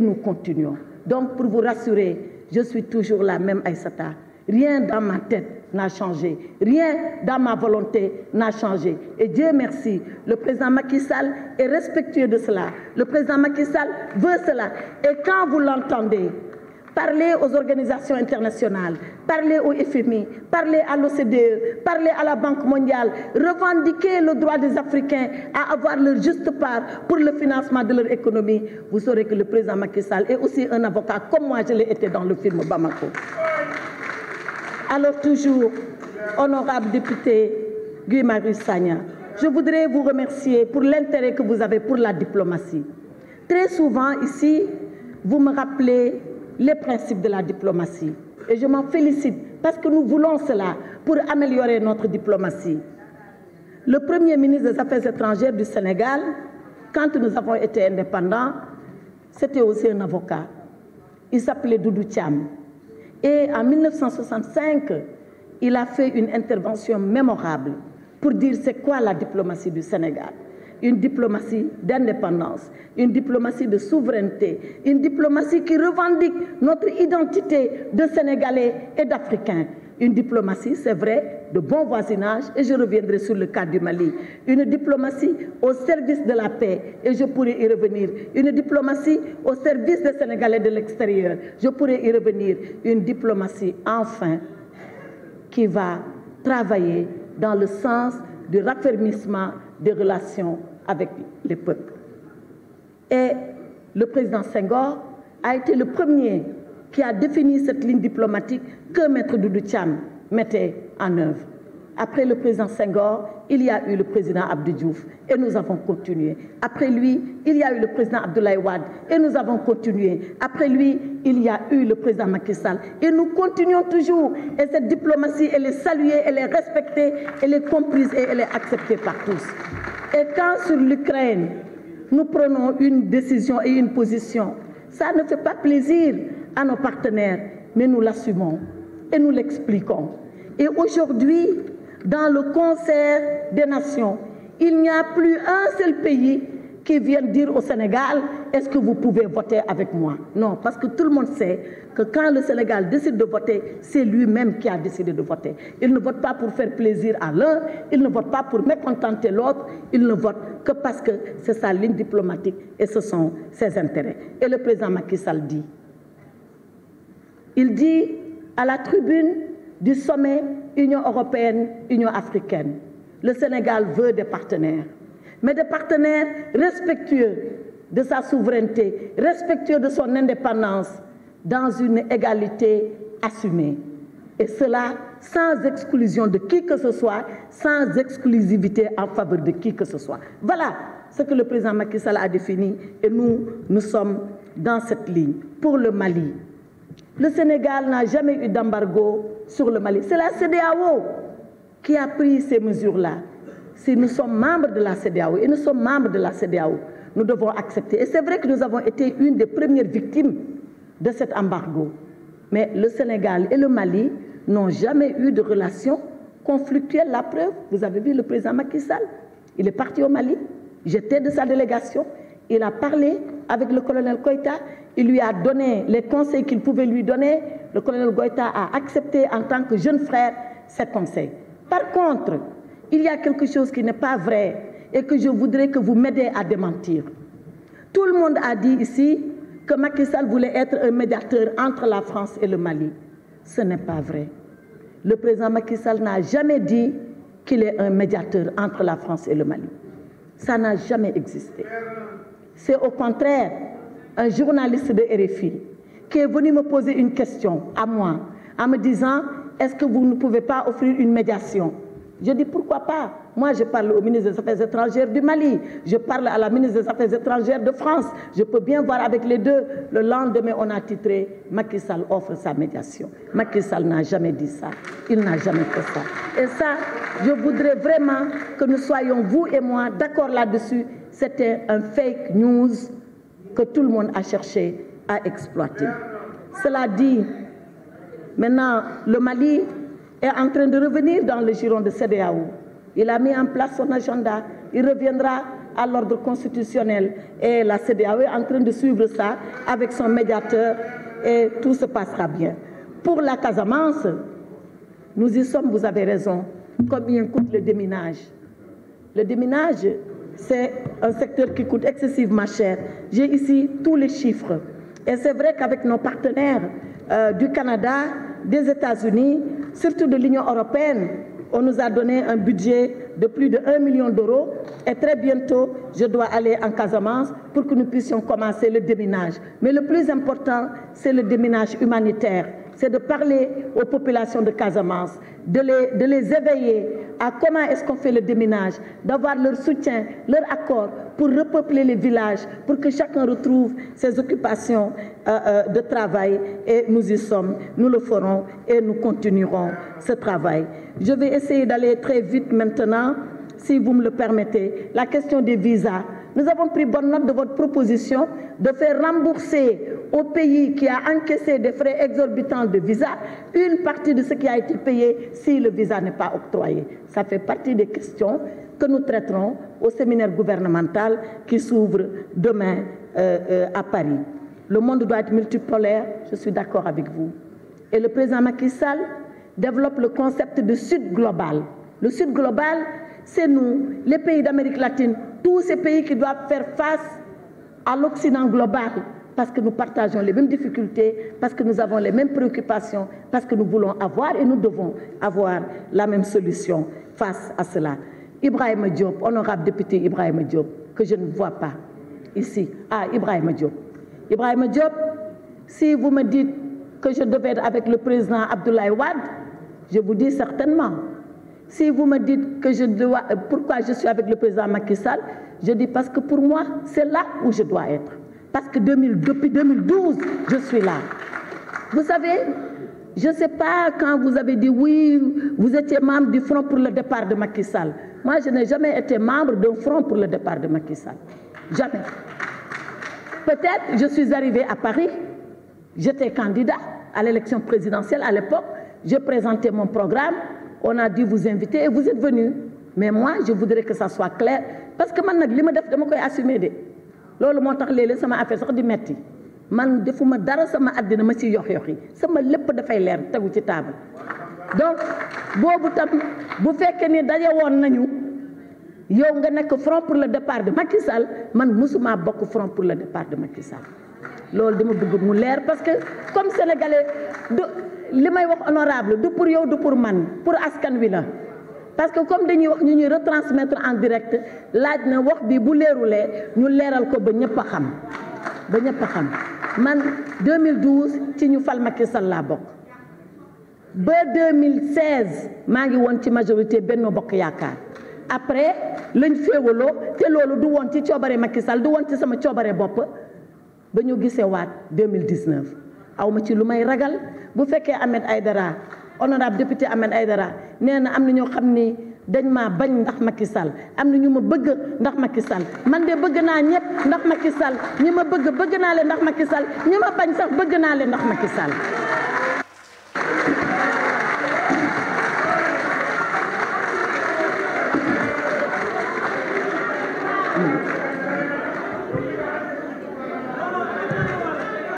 nous continuons. Donc, pour vous rassurer, je suis toujours la même Aïsata. Rien dans ma tête n'a changé. Rien dans ma volonté n'a changé. Et Dieu merci, le président Macky Sall est respectueux de cela. Le président Macky Sall veut cela. Et quand vous l'entendez, parler aux organisations internationales, parler au FMI, parler à l'OCDE, parler à la Banque mondiale, revendiquer le droit des Africains à avoir leur juste part pour le financement de leur économie, vous saurez que le président Macky Sall est aussi un avocat comme moi je l'ai été dans le film Bamako. Alors toujours, honorable député Guy marie Sagna, je voudrais vous remercier pour l'intérêt que vous avez pour la diplomatie. Très souvent ici, vous me rappelez les principes de la diplomatie. Et je m'en félicite parce que nous voulons cela pour améliorer notre diplomatie. Le Premier ministre des Affaires étrangères du Sénégal, quand nous avons été indépendants, c'était aussi un avocat. Il s'appelait Doudou Tiam, Et en 1965, il a fait une intervention mémorable pour dire c'est quoi la diplomatie du Sénégal une diplomatie d'indépendance, une diplomatie de souveraineté, une diplomatie qui revendique notre identité de Sénégalais et d'Africains. Une diplomatie, c'est vrai, de bon voisinage, et je reviendrai sur le cas du Mali. Une diplomatie au service de la paix, et je pourrai y revenir. Une diplomatie au service des Sénégalais de l'extérieur, je pourrai y revenir. Une diplomatie, enfin, qui va travailler dans le sens du raffermissement des relations avec les peuples. Et le président Senghor a été le premier qui a défini cette ligne diplomatique que Maître Doudou Tcham mettait en œuvre. Après le président Senghor, il y a eu le président Abdou Diouf et nous avons continué. Après lui, il y a eu le président Abdoulaye Wade et nous avons continué. Après lui, il y a eu le président Macky Sall et nous continuons toujours. Et cette diplomatie, elle est saluée, elle est respectée, elle est comprise et elle est acceptée par tous. Et quand sur l'Ukraine, nous prenons une décision et une position, ça ne fait pas plaisir à nos partenaires, mais nous l'assumons et nous l'expliquons. Et aujourd'hui, dans le concert des nations. Il n'y a plus un seul pays qui vienne dire au Sénégal, est-ce que vous pouvez voter avec moi Non, parce que tout le monde sait que quand le Sénégal décide de voter, c'est lui-même qui a décidé de voter. Il ne vote pas pour faire plaisir à l'un, il ne vote pas pour mécontenter l'autre, il ne vote que parce que c'est sa ligne diplomatique et ce sont ses intérêts. Et le président Macky Sall dit, il dit à la tribune du sommet Union européenne-Union africaine. Le Sénégal veut des partenaires, mais des partenaires respectueux de sa souveraineté, respectueux de son indépendance, dans une égalité assumée. Et cela sans exclusion de qui que ce soit, sans exclusivité en faveur de qui que ce soit. Voilà ce que le président Macky Sall a défini et nous, nous sommes dans cette ligne pour le Mali. Le Sénégal n'a jamais eu d'embargo sur le Mali. C'est la CDAO qui a pris ces mesures-là. Si nous sommes membres de la CDAO et nous sommes membres de la CDAO, nous devons accepter. Et c'est vrai que nous avons été une des premières victimes de cet embargo. Mais le Sénégal et le Mali n'ont jamais eu de relations conflictuelles. La preuve, vous avez vu le président Macky Sall, il est parti au Mali, j'étais de sa délégation, il a parlé avec le colonel Koïta, il lui a donné les conseils qu'il pouvait lui donner. Le colonel Goïta a accepté en tant que jeune frère ces conseils. Par contre, il y a quelque chose qui n'est pas vrai et que je voudrais que vous m'aidez à démentir. Tout le monde a dit ici que Macky Sall voulait être un médiateur entre la France et le Mali. Ce n'est pas vrai. Le président Macky Sall n'a jamais dit qu'il est un médiateur entre la France et le Mali. Ça n'a jamais existé. C'est au contraire un journaliste de RFI qui est venu me poser une question à moi en me disant est-ce que vous ne pouvez pas offrir une médiation Je dis pourquoi pas Moi, je parle au ministre des Affaires étrangères du Mali, je parle à la ministre des Affaires étrangères de France, je peux bien voir avec les deux. Le lendemain, on a titré Macky Sall offre sa médiation. Macky Sall n'a jamais dit ça, il n'a jamais fait ça. Et ça, je voudrais vraiment que nous soyons, vous et moi, d'accord là-dessus c'était un fake news que tout le monde a cherché à exploiter. Cela dit, maintenant, le Mali est en train de revenir dans le giron de CDAO. Il a mis en place son agenda. Il reviendra à l'ordre constitutionnel. Et la CDAO est en train de suivre ça avec son médiateur et tout se passera bien. Pour la Casamance, nous y sommes, vous avez raison. Combien coûte le déminage Le déminage, c'est un secteur qui coûte excessivement cher. J'ai ici tous les chiffres. Et c'est vrai qu'avec nos partenaires euh, du Canada, des États-Unis, surtout de l'Union européenne, on nous a donné un budget de plus de 1 million d'euros et très bientôt, je dois aller en Casamance pour que nous puissions commencer le déminage. Mais le plus important, c'est le déminage humanitaire c'est de parler aux populations de Casamance, de les, de les éveiller à comment est-ce qu'on fait le déménage, d'avoir leur soutien, leur accord pour repeupler les villages, pour que chacun retrouve ses occupations euh, euh, de travail. Et nous y sommes, nous le ferons et nous continuerons ce travail. Je vais essayer d'aller très vite maintenant, si vous me le permettez. La question des visas. Nous avons pris bonne note de votre proposition de faire rembourser au pays qui a encaissé des frais exorbitants de visa une partie de ce qui a été payé si le visa n'est pas octroyé. Ça fait partie des questions que nous traiterons au séminaire gouvernemental qui s'ouvre demain euh, euh, à Paris. Le monde doit être multipolaire, je suis d'accord avec vous. Et le président Macky Sall développe le concept du Sud global. Le Sud global, c'est nous, les pays d'Amérique latine, tous ces pays qui doivent faire face à l'Occident global, parce que nous partageons les mêmes difficultés, parce que nous avons les mêmes préoccupations, parce que nous voulons avoir et nous devons avoir la même solution face à cela. Ibrahim Diop, honorable député Ibrahim Diop, que je ne vois pas ici. Ah, Ibrahim Diop. Ibrahim Diop, si vous me dites que je devais être avec le président Abdoulaye Wade, je vous dis certainement si vous me dites que je dois, euh, pourquoi je suis avec le président Macky Sall, je dis parce que pour moi, c'est là où je dois être. Parce que depuis 2012, je suis là. Vous savez, je ne sais pas quand vous avez dit oui, vous étiez membre du Front pour le départ de Macky Sall. Moi, je n'ai jamais été membre d'un Front pour le départ de Macky Sall. Jamais. Peut-être je suis arrivée à Paris, j'étais candidat à l'élection présidentielle à l'époque, je présentais mon programme, on a dû vous inviter et vous êtes venus mais moi je voudrais que ça soit clair parce que man nag li def dama assumer de ce que je sama affaire sax metti man defuma dara je ma donc pour le départ de Macky Sall man pour le départ de Macky Sall ce que je parce que comme sénégalais li may wax honorable du pour yow du pour man pour askan wi parce que comme dañuy wax ñu ñuy retransmettre en direct laaj na wax bi bu ñu nous ko ba ñëpp xam ba ñëpp xam man 2012 ci ñu fal Macky Sall la bok ba 2016 ma ngi won ci majorité Benno fait Yaakaar après lañ féwolo té lolu du won ci fait Macky Sall du won ci sama nous ba ñu 2019 aw ma ci lu may ragal bu fekkee amet Ahmed Aïdara honorable député Ahmed Aïdara nee na am na ñoo xam ni dañ maa bañ ndax Macky Sall am na ñu ma bëgg ndax Macky Sall man de bëgg naa ñëpp ndax Macky Sall ñi ma bëgg bëgg naa leen ndax Macky Sall ñi ma bañ sax bëgg naa leen ndax Macky Sall